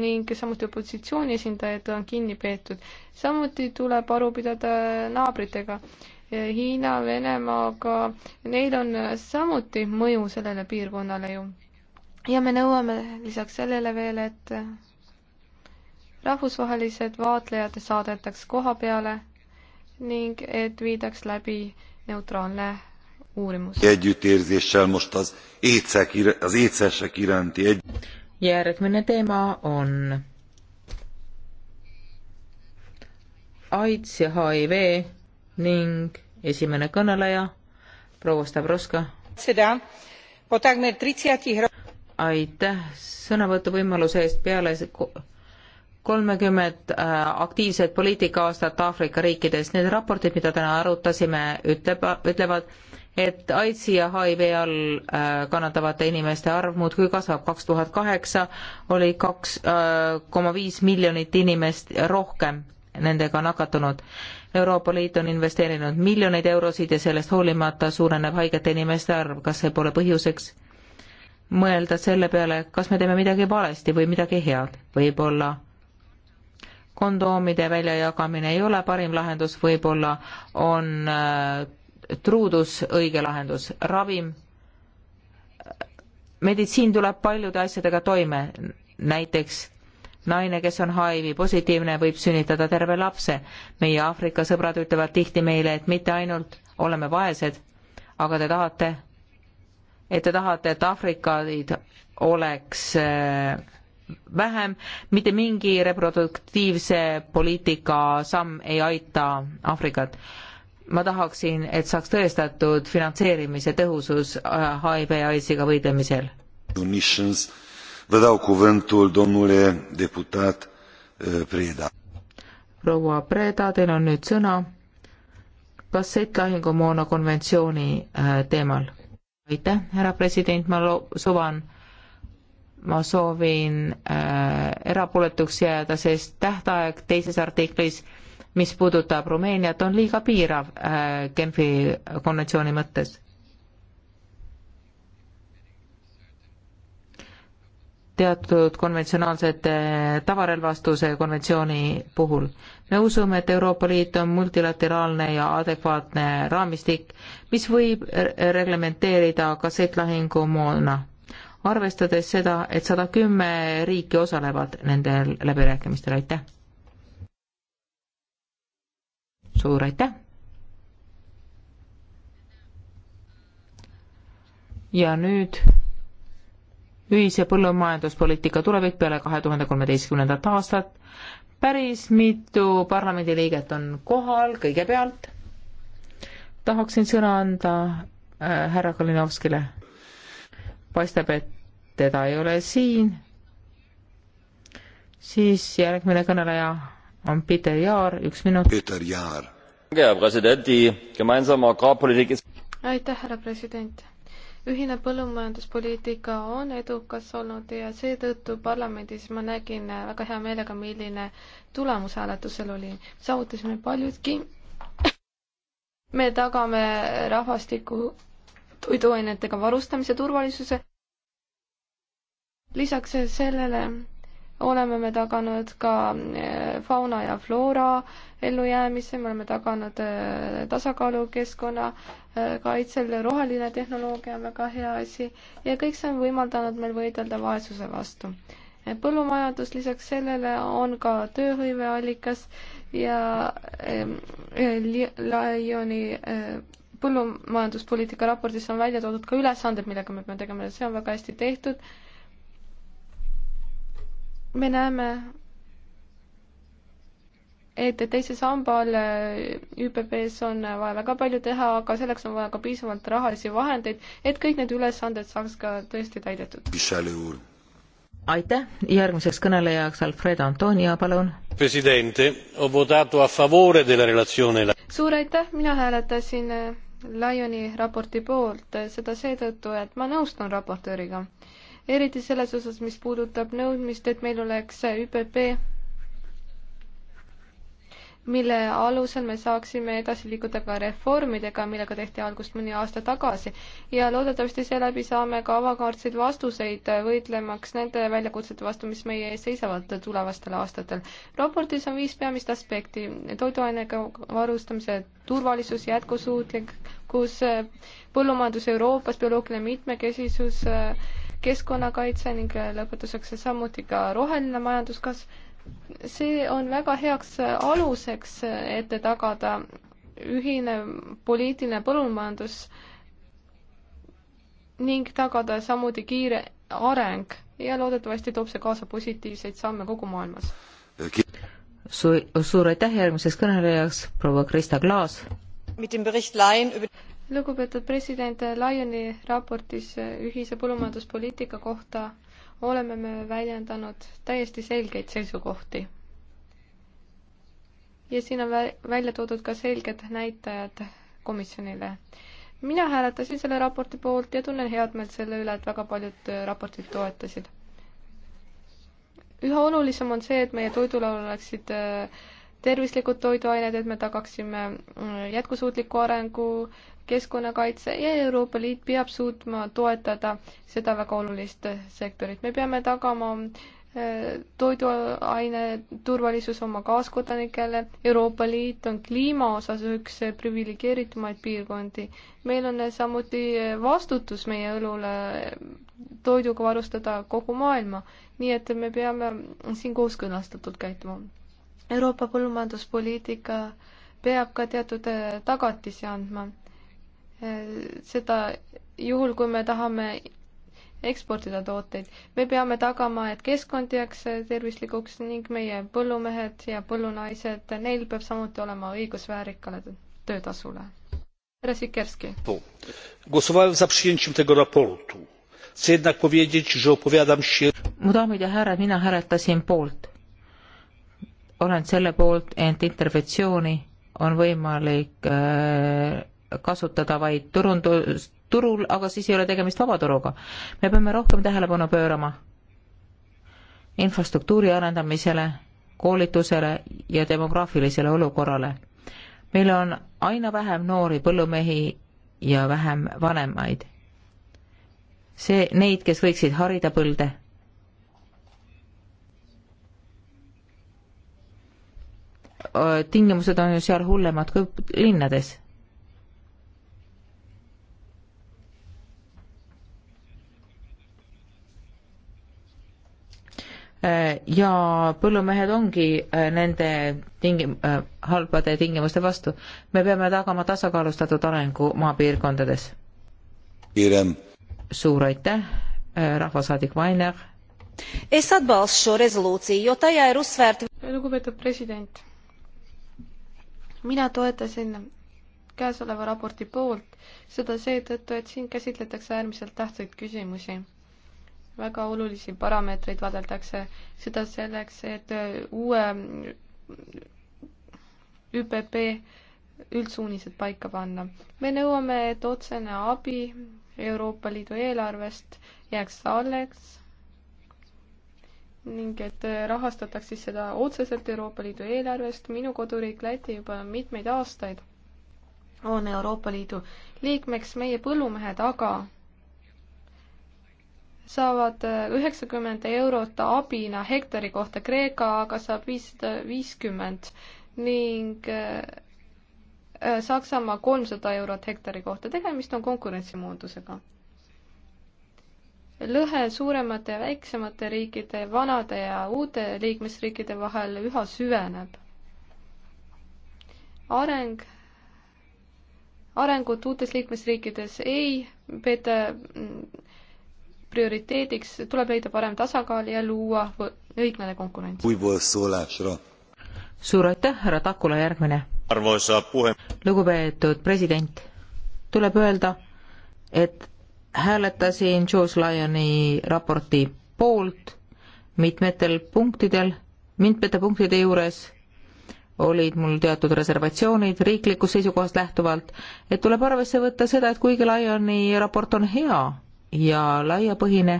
S4: ning samuti opositsiooni esindajad on kinni peetud. samuti tuleb aru pidada naabritega Hiina, Venemaaga, neil on samuti mõju sellele piirkonnale ju. ja me nõuame lisaks sellele veel, et rahvusvahelised vaatlejad saadetaks koha peale ning et viidaks läbi neutraalne uurimus.
S2: järgmine teema on AIDS ja HIV ning esimene kõneleja, proua Stavroska. seda, po takmer tritsiati aitäh sõnavõtuvõimaluse eest peale kolmekümmet äh, aktiivset poliitikaaastat Aafrika riikides. Need raportid, mida täna arutasime, ütleb, ütlevad, et AIDSi ja HIV all äh, kannatavate inimeste arv muudkui kasvab. kaks tuhat kaheksa oli kaks äh, koma viis miljonit inimest rohkem nendega nakatunud Euroopa Liit on investeerinud miljoneid eurosid ja sellest hoolimata suureneb haigete inimeste arv, kas see pole põhjuseks mõelda selle peale, kas me teeme midagi valesti või midagi head, võib-olla kondoomide väljajagamine ei ole parim lahendus, võib-olla on äh, truudus õige lahendus, ravim, äh, meditsiin tuleb paljude asjadega toime, näiteks naine, kes on HIV positiivne, võib sünnitada terve lapse. meie Aafrika sõbrad ütlevad tihti meile, et mitte ainult oleme vaesed, aga te tahate, et te tahate, et Aafrikaid oleks äh, vähem, mitte mingi reproduktiivse poliitika samm ei aita Aafrikat ma tahaksin, et saaks tõestatud finantseerimise tõhusus HIV äh, ja AIDS-iga võitlemisel.
S1: Vă dau cuvântul, domnule deputat eh, Preda.
S2: proua Preda, teil on nüüd sõna kassettlahingumoona konventsiooni eh, teemal. aitäh, härra president, ma suvan, ma soovin äh, erapooletuks jääda, sest tähtaeg teises artiklis, mis puudutab Rumeeniat, on liiga piirav äh, Genfi konventsiooni mõttes teatud konventsionaalsete tavarelvastuse konventsiooni puhul. me usume, et Euroopa Liit on multilateraalne ja adekvaatne raamistik, mis võib reglementeerida kassettlahingumoona, arvestades seda, et sada kümme riiki osalevad nendel läbirääkimistel, aitäh! suur aitäh! ja nüüd ühise põllumajanduspoliitika tulevik peale kahe tuhande kolmeteistkümnendat aastat. päris mitu parlamendiliiget on kohal, kõigepealt tahaksin sõna anda äh, härra Kalinovskile. paistab, et teda ei ole siin. siis järgmine kõneleja on Peter Jaar, üks minut. Peter Jaar.
S4: aitäh, härra president ühine põllumajanduspoliitika on edukas olnud ja seetõttu parlamendis ma nägin väga hea meelega, milline tulemus hääletusel oli. saavutasime paljudki. me tagame rahvastiku toiduainetega varustamise turvalisuse. lisaks sellele oleme me taganud ka eh, fauna ja floora ellujäämise, me oleme taganud eh, tasakaalu keskkonna eh, kaitsel, roheline tehnoloogia on väga hea asi ja kõik see on võimaldanud meil võidelda vaesuse vastu. põllumajandus lisaks sellele on ka tööhõiveallikas ja Lioni põllumajanduspoliitika raportis on välja toodud ka ülesanded, millega me peame tegema ja see on väga hästi tehtud me näeme, et teise samba all äh, ÜPP-s on vaja väga palju teha, aga selleks on vaja ka piisavalt rahalisi vahendeid, et kõik need ülesanded saaks ka tõesti täidetud. aitäh,
S2: järgmiseks kõnelejaks Alfredo Antonia, palun.
S4: suur aitäh, mina hääletasin äh, Lioni raporti poolt, äh, seda seetõttu, et ma nõustun raportööriga eriti selles osas, mis puudutab nõudmist, et meil oleks ÜPP, mille alusel me saaksime edasi liikuda ka reformidega, millega tehti algust mõni aasta tagasi ja loodetavasti seeläbi saame ka avakaardseid vastuseid, võitlemaks nende väljakutsete vastu, mis meie ees seisavad tulevastel aastatel. raportis on viis peamist aspekti, toiduainega varustamise turvalisus, jätkusuutlikkus, põllumajandus Euroopas, bioloogiline mitmekesisus äh,, keskkonnakaitse ning lõpetuseks samuti ka roheline majanduskasv. see on väga heaks aluseks, et tagada ühine poliitiline põllumajandus ning tagada samuti kiire areng ja loodetavasti toob see kaasa positiivseid samme kogu maailmas.
S2: suur, suur aitäh järgmiseks kõnelejaks, proua Krista Klaas
S4: lugupeetud president, Lyoni raportis ühise põllumajanduspoliitika kohta oleme me väljendanud täiesti selgeid seisukohti. ja siin on vä välja toodud ka selged näitajad komisjonile. mina hääletasin selle raporti poolt ja tunnen head meelt selle üle, et väga paljud raportit toetasid. üha olulisem on see, et meie toidulaul oleksid äh, tervislikud toiduained, et me tagaksime mm, jätkusuutliku arengu, keskkonnakaitse ja Euroopa Liit peab suutma toetada seda väga olulist sektorit. me peame tagama äh, toiduaine turvalisus oma kaaskodanikele. Euroopa Liit on kliima osas üks priviligeeritumaid piirkondi. meil on samuti vastutus meie õlule toiduga varustada kogu maailma, nii et me peame siin kooskõlastatult käituma. Euroopa põllumajanduspoliitika peab ka teatud äh, tagatisi andma. Äh, seda juhul, kui me tahame eksportida tooteid. me peame tagama, et keskkond jääks äh, tervislikuks ning meie põllumehed ja põllunaised, neil peab samuti olema õigus väärikale töötasule. härra Sikerski.
S2: mu daamid ja härrad, mina hääletasin poolt olen selle poolt, ent interventsiooni on võimalik äh, kasutada vaid turundus, turul, aga siis ei ole tegemist vabaturuga. me peame rohkem tähelepanu pöörama infrastruktuuri arendamisele, koolitusele ja demograafilisele olukorrale. meil on aina vähem noori põllumehi ja vähem vanemaid. see, neid, kes võiksid harida põlde tingimused on ju seal hullemad kui linnades. ja põllumehed ongi äh, nende tingi-, äh, halbade tingimuste vastu. me peame tagama tasakaalustatud arengu maapiirkondades. suur aitäh, äh, rahvasaadik Vainer.
S4: es atbalstu šo rezolūciju, jo tajā ir uzsvērta lugupeetud president mina toetasin käesoleva raporti poolt, seda seetõttu, et siin käsitletakse äärmiselt tähtsaid küsimusi. väga olulisi parameetreid vaadeldakse, seda selleks, et uue ÜPP üldsuunised paika panna. me nõuame, et otsene abi Euroopa Liidu eelarvest jääks alles ning et rahastataks siis seda otseselt Euroopa Liidu eelarvest. minu koduriik Läti juba mitmeid aastaid on Euroopa Liidu liikmeks, meie põllumehed aga saavad äh, üheksakümmend eurot abina hektari kohta, Kreeka aga saab viissada viiskümmend ning äh, äh, Saksamaa kolmsada eurot hektari kohta, tegemist on konkurentsimoodusega lõhe suuremate ja väiksemate riikide, vanade ja uute liikmesriikide vahel üha süveneb. areng, arengut uutes liikmesriikides ei peeta mm, prioriteediks, tuleb leida parem tasakaal ja luua õiglane konkurents.
S2: suur aitäh, härra Takula, järgmine. lugupeetud president, tuleb öelda, et hääletasin George Lyoni raporti poolt mitmetel punktidel, mitmete punktide juures olid mul teatud reservatsioonid riiklikust seisukohast lähtuvalt, et tuleb arvesse võtta seda, et kuigi Lyoni raport on hea ja laiapõhine,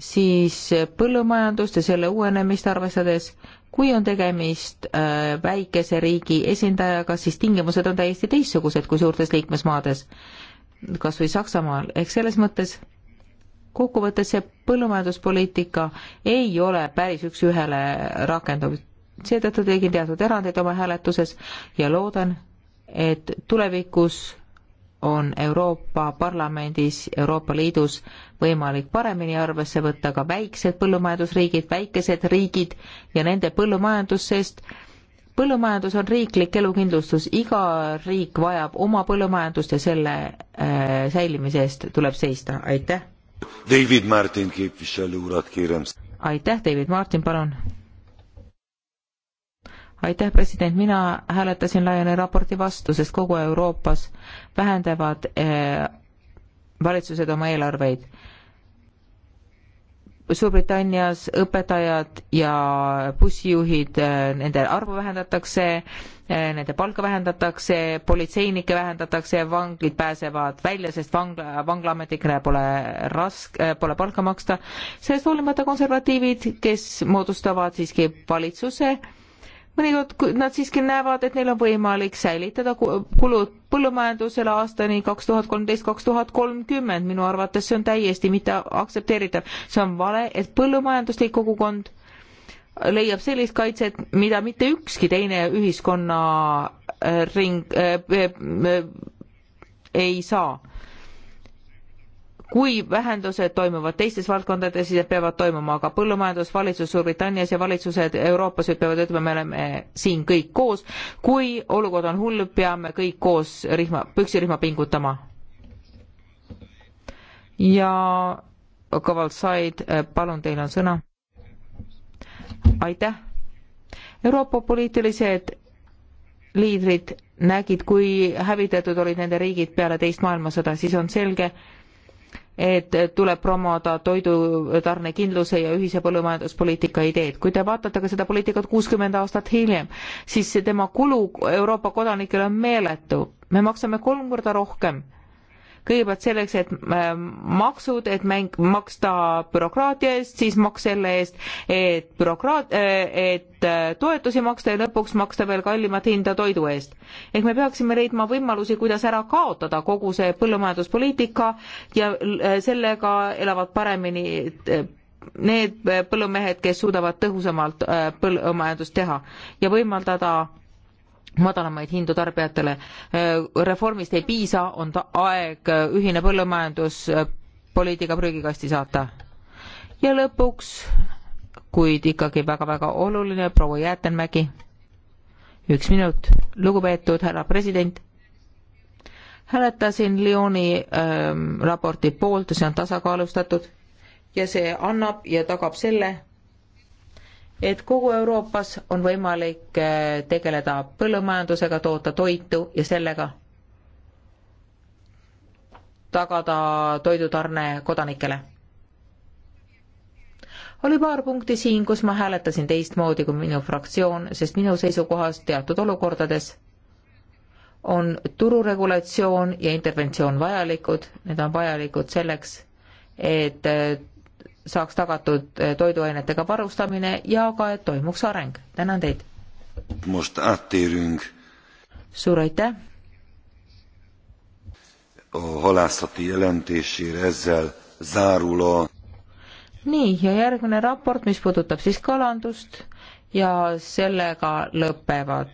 S2: siis põllumajandust ja selle uuenemist arvestades, kui on tegemist äh, väikese riigi esindajaga, siis tingimused on täiesti teistsugused kui suurtes liikmesmaades kas või Saksamaal, ehk selles mõttes kokkuvõttes see põllumajanduspoliitika ei ole päris üks-ühele rakenduv. seetõttu tegin teatud erandeid oma hääletuses ja loodan, et tulevikus on Euroopa Parlamendis, Euroopa Liidus võimalik paremini arvesse võtta ka väiksed põllumajandusriigid, väikesed riigid ja nende põllumajandus, sest põllumajandus on riiklik elukindlustus, iga riik vajab oma põllumajandust ja selle äh, säilimise eest tuleb seista, aitäh.
S1: David Martin,
S2: aitäh, David Martin, palun. aitäh, president, mina hääletasin Laiane raporti vastu, sest kogu Euroopas vähendavad äh, valitsused oma eelarveid äh, Suurbritannias õpetajad ja bussijuhid, eh, nende arvu vähendatakse, eh, nende palka vähendatakse, politseinikke vähendatakse, vanglid pääsevad välja, sest vangla, vanglaametnikele pole rask-, eh, pole palka maksta. sellest hoolimata konservatiivid, kes moodustavad siiski valitsuse, mõnikord nad siiski näevad, et neil on võimalik säilitada kulud põllumajandusele aastani kaks tuhat kolmteist, kaks tuhat kolmkümmend, minu arvates see on täiesti mitte aktsepteeritav. see on vale, et põllumajanduslik kogukond leiab sellist kaitset, mida mitte ükski teine ühiskonna ring äh, äh, äh, ei saa kui vähendused toimuvad teistes valdkondades, siis need peavad toimuma ka põllumajandus, valitsus Suurbritannias ja valitsused Euroopas peavad ütlema, me oleme siin kõik koos. kui olukord on hull, peame kõik koos rihma, püksirihma pingutama. ja Kaval Said, palun, teil on sõna. aitäh. Euroopa poliitilised liidrid nägid, kui hävitatud olid nende riigid peale teist maailmasõda, siis on selge, et tuleb promoda toidutarnekindluse ja ühise põllumajanduspoliitika ideed. kui te vaatate ka seda poliitikat kuuskümmend aastat hiljem, siis tema kulu Euroopa kodanikele on meeletu. me maksame kolm korda rohkem kõigepealt selleks, et äh, maksud, et mäng, maksta bürokraatia eest, siis maks selle eest, et bürokraat-, äh, et äh, toetusi maksta ja lõpuks maksta veel kallimat hinda toidu eest. ehk me peaksime leidma võimalusi, kuidas ära kaotada kogu see põllumajanduspoliitika ja sellega elavad paremini need põllumehed, kes suudavad tõhusamalt põllumajandust teha ja võimaldada madalamaid hindu tarbijatele. Äh, reformist ei piisa, on aeg äh, ühine põllumajanduspoliitika äh, prügikasti saata. ja lõpuks, kuid ikkagi väga-väga oluline, proua Jäätenmägi. üks minut, lugupeetud härra president. hääletasin Lyoni ähm, raporti poolt, see on tasakaalustatud ja see annab ja tagab selle, et kogu Euroopas on võimalik eh, tegeleda põllumajandusega, toota toitu ja sellega tagada toidutarne kodanikele. oli paar punkti siin, kus ma hääletasin teistmoodi kui minu fraktsioon, sest minu seisukohast teatud olukordades on tururegulatsioon ja interventsioon vajalikud, need on vajalikud selleks, et eh, saaks tagatud eh, toiduainetega varustamine ja ka, et toimuks areng. tänan teid! suur aitäh!
S1: a halászati jelentésére ezzel zárul a
S2: nii, ja järgmine raport, mis puudutab siis kalandust ja sellega lõpevad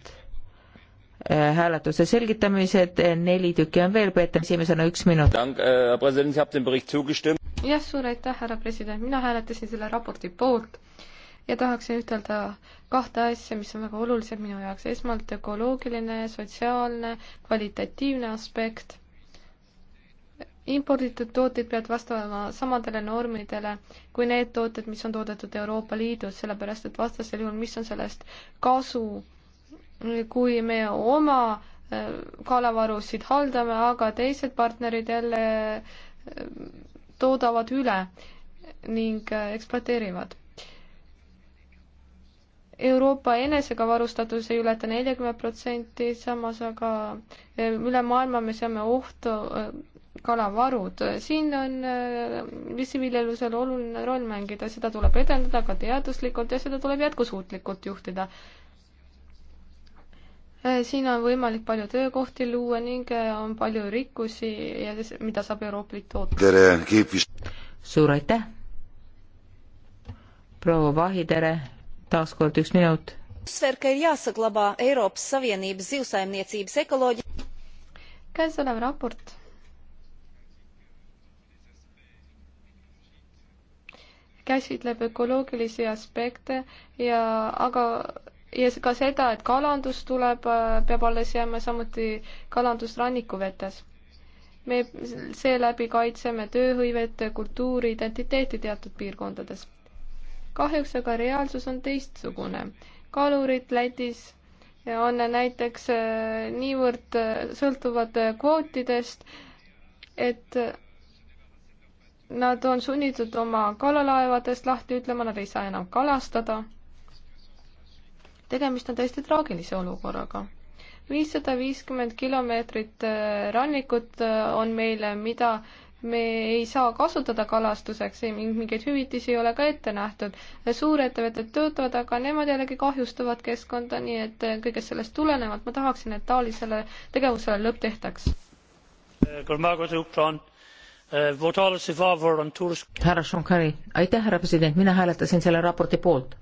S2: eh, hääletuse selgitamised, neli tükki on veel, Peeter, esimesena üks
S3: minut. Äh,
S4: jah, suur aitäh, härra president, mina hääletasin selle raporti poolt ja tahaksin ütelda kahte asja, mis on väga olulised minu jaoks. esmalt ökoloogiline, sotsiaalne, kvalitatiivne aspekt. imporditud tooted peavad vastama samadele normidele kui need tooted, mis on toodetud Euroopa Liidus, sellepärast et vastasel juhul, mis on sellest kasu, kui me oma äh, kalavarusid haldame, aga teised partnerid jälle äh, toodavad üle ning äh, ekspluateerivad. Euroopa enesega varustatus ei ületa neljakümmet protsenti, samas aga äh, üle maailma me seame ohtu äh, kalavarud. siin on vesiviljelusel oluline roll mängida, seda tuleb edendada ka teaduslikult ja seda tuleb jätkusuutlikult juhtida. Äh, siin on võimalik palju töökohti luua ning äh, on palju rikkusi ja mida saab Euroopa Liit toota.
S2: tere, Kiipis! suur aitäh! proua Vahi, tere! taas kord üks minut. käesolev raport
S4: käsitleb ökoloogilisi aspekte ja aga ja ka seda, et kalandus tuleb, äh, peab alles jääma, samuti kalandust rannikuvetes. me seeläbi kaitseme tööhõivet, kultuuri, identiteeti teatud piirkondades. kahjuks aga reaalsus on teistsugune. kalurid Lätis on näiteks äh, niivõrd äh, sõltuvad kvootidest, et nad on sunnitud oma kalalaevadest lahti ütlema, nad ei saa enam kalastada tegemist on täiesti traagilise olukorraga. viissada viiskümmend kilomeetrit äh, rannikut äh, on meile, mida me ei saa kasutada kalastuseks, mingeid hüvitisi ei ole ka ette nähtud. suurettevõtted töötavad, aga nemad jällegi kahjustavad keskkonda, nii et äh, kõigest sellest tulenevalt ma tahaksin, et taolisele tegevusele lõpp tehtaks. härra Šonkari, aitäh, härra president, mina
S2: hääletasin selle raporti poolt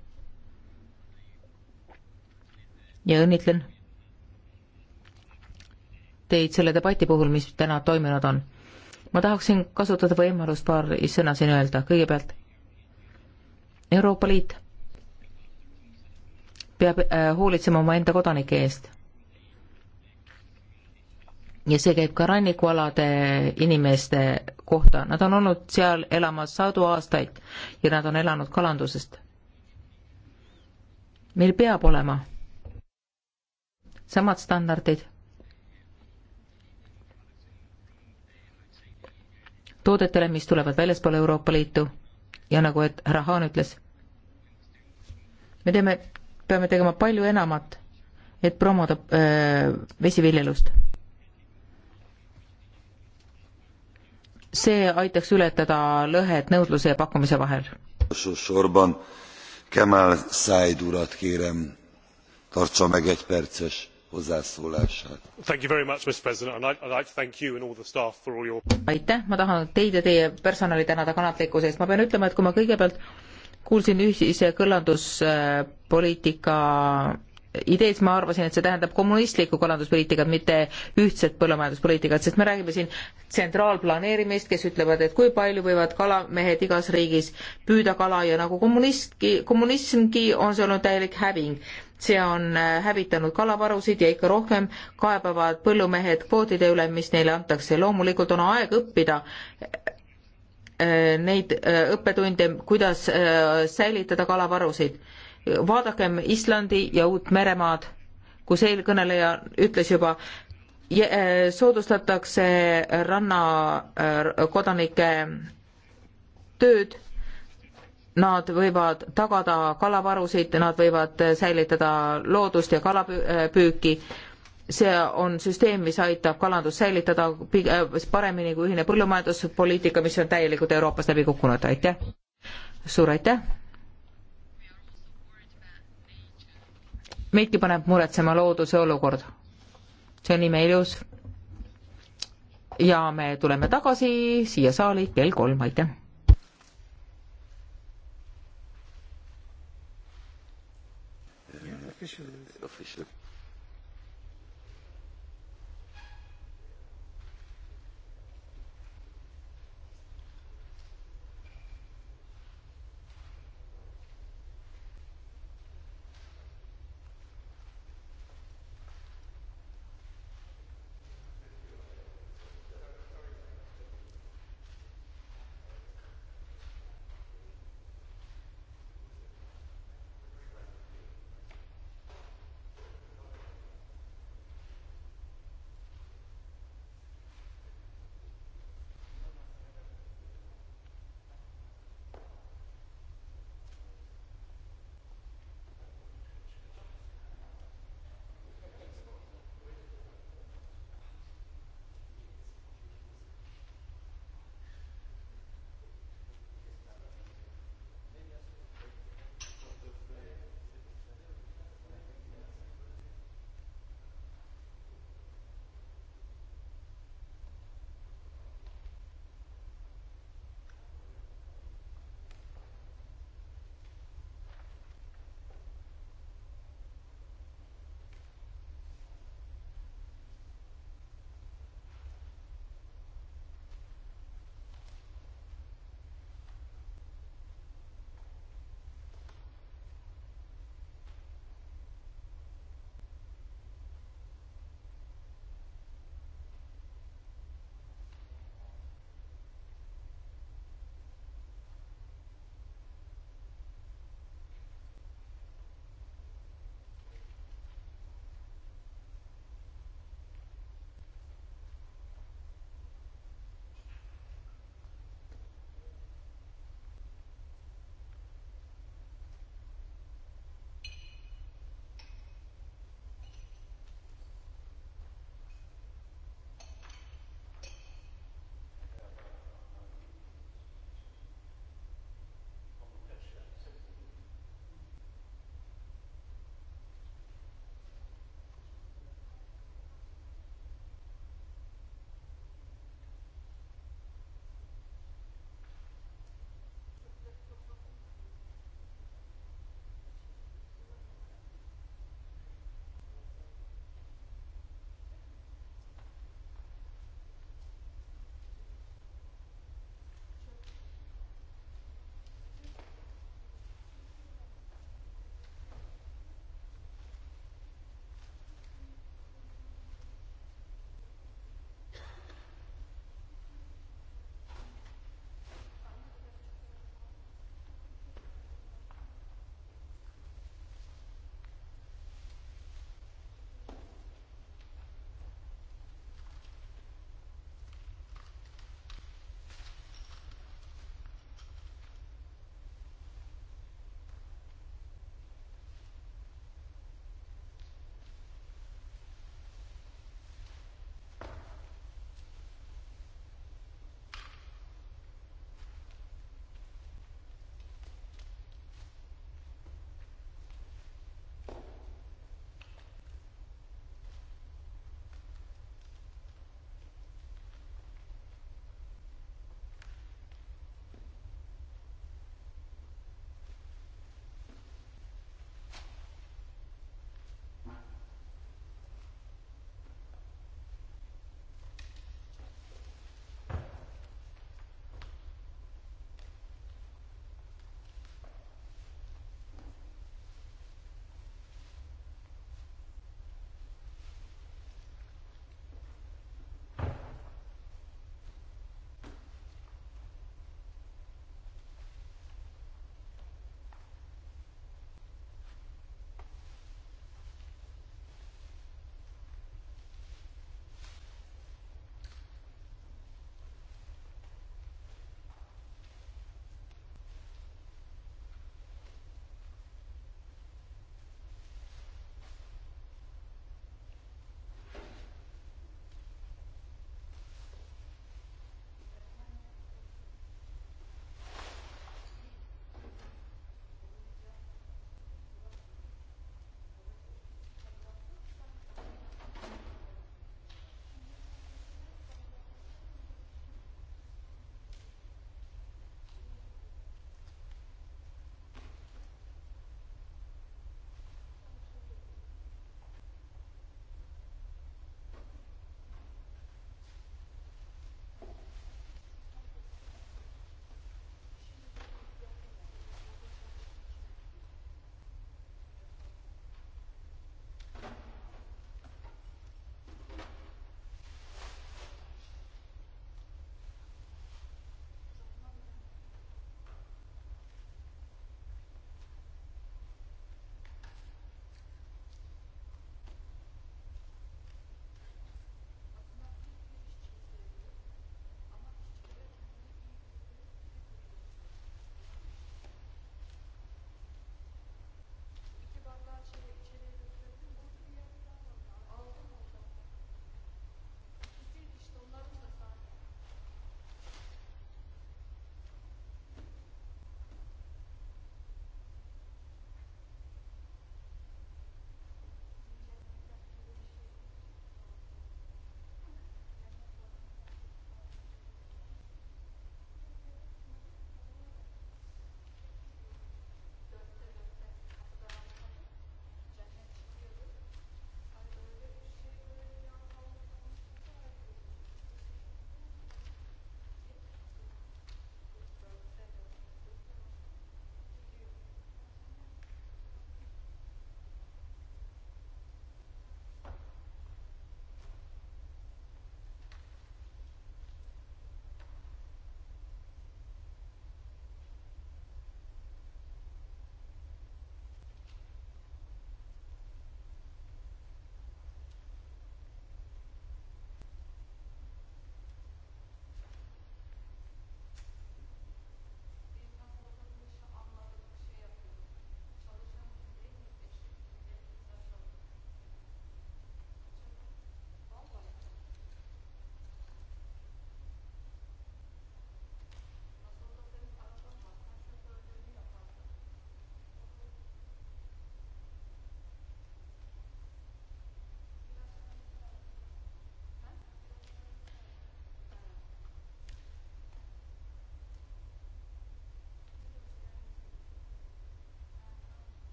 S2: ja õnnitlen teid selle debati puhul, mis täna toimunud on. ma tahaksin kasutada võimalust paari sõna siin öelda, kõigepealt Euroopa Liit peab äh, hoolitsema omaenda kodanike eest. ja see käib ka rannikualade inimeste kohta, nad on olnud seal elamas sadu aastaid ja nad on elanud kalandusest. meil peab olema samad standardid. toodetele, mis tulevad väljaspool Euroopa Liitu ja nagu, et härra Haan ütles, me teeme, peame tegema palju enamat, et promoda öö, äh, vesiviljelust. see aitaks ületada lõhed nõudluse ja pakkumise vahel.
S1: sorban Kemal Said urat kérem, tartsa meg egy perces hozzászólását.
S2: aitäh, ma tahan teid ja teie personali tänada kannatlikkuse eest, ma pean ütlema, et kui ma kõigepealt kuulsin ühise kõllanduspoliitika ideed, ma arvasin, et see tähendab kommunistlikku kalanduspoliitikat, mitte ühtset põllumajanduspoliitikat, sest me räägime siin tsentraalplaneerimist, kes ütlevad, et kui palju võivad kalamehed igas riigis püüda kala ja nagu kommunistki, kommunismgi on see olnud täielik häving see on äh, hävitanud kalavarusid ja ikka rohkem kaebavad põllumehed kvootide üle, mis neile antakse. loomulikult on aeg õppida äh, neid äh, õppetunde, kuidas säilitada kalavarusid. vaadakem Islandi ja Uut-Meremaad, kus eelkõneleja ütles juba, soodustatakse rannakodanike tööd Nad võivad tagada kalavarusid, nad võivad säilitada loodust ja kalapüüki. see on süsteem, mis aitab kalandust säilitada äh, paremini kui ühine põllumajanduspoliitika, mis on täielikult Euroopas läbi kukkunud. aitäh! suur aitäh! meidki paneb muretsema looduse olukord. see on imeilus. ja me tuleme tagasi siia saali kell kolm, aitäh!
S3: official.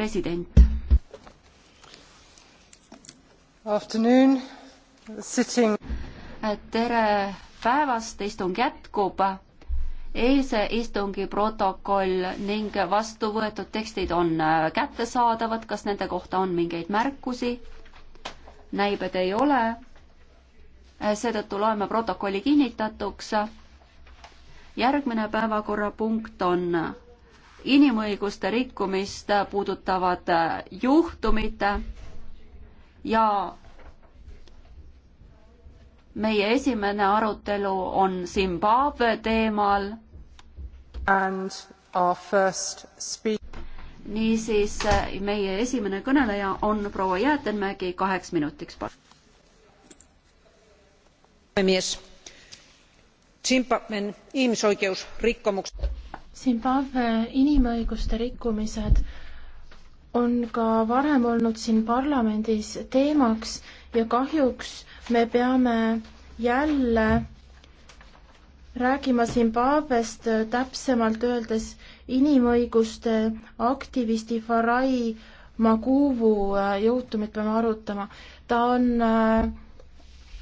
S5: president. tere päevast, istung jätkub. eilse istungi protokoll ning vastu võetud tekstid on äh, kättesaadavad, kas nende kohta on mingeid märkusi? näib, et ei ole. Äh, seetõttu loeme protokolli kinnitatuks.
S2: järgmine päevakorrapunkt on inimõiguste rikkumist puudutavad juhtumid ja
S5: meie esimene arutelu on Zimbabwe teemal. niisiis, meie esimene kõneleja on proua Jäätenmägi, kaheks minutiks
S2: palun. puhemies, Zimbabwe'n ihmisoikeusrikkomukset
S5: Zimbabwe inimõiguste rikkumised on ka varem olnud siin parlamendis teemaks ja kahjuks me peame jälle räägima Zimbabwest, täpsemalt öeldes inimõiguste aktivisti Farai Maguvu äh, juhtumit peame arutama. ta on äh,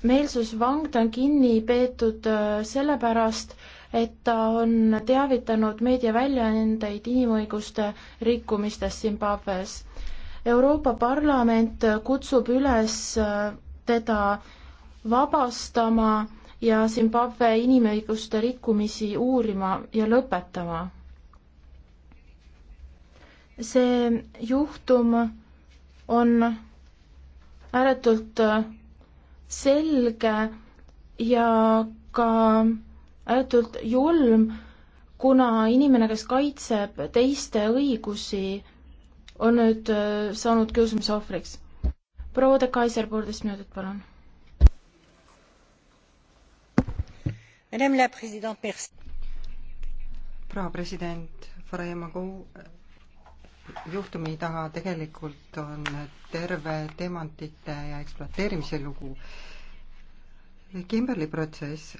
S5: meelsusvang, ta on kinni peetud äh, sellepärast, et ta on teavitanud meediaväljaandeid inimõiguste rikkumistest Zimbabwe's. Euroopa Parlament kutsub üles äh, teda vabastama ja Zimbabwe inimõiguste rikkumisi uurima ja lõpetama. see juhtum on ääretult äh, selge ja ka ääretult julm, kuna inimene, kes kaitseb teiste õigusi, on nüüd äh, saanud kiusamise ohvriks. proua de Kaiser, poolteist minutit, palun. proua president, Faremagu
S2: juhtumi taga tegelikult on terve teemantide ja ekspluateerimise lugu. Kimberli protsess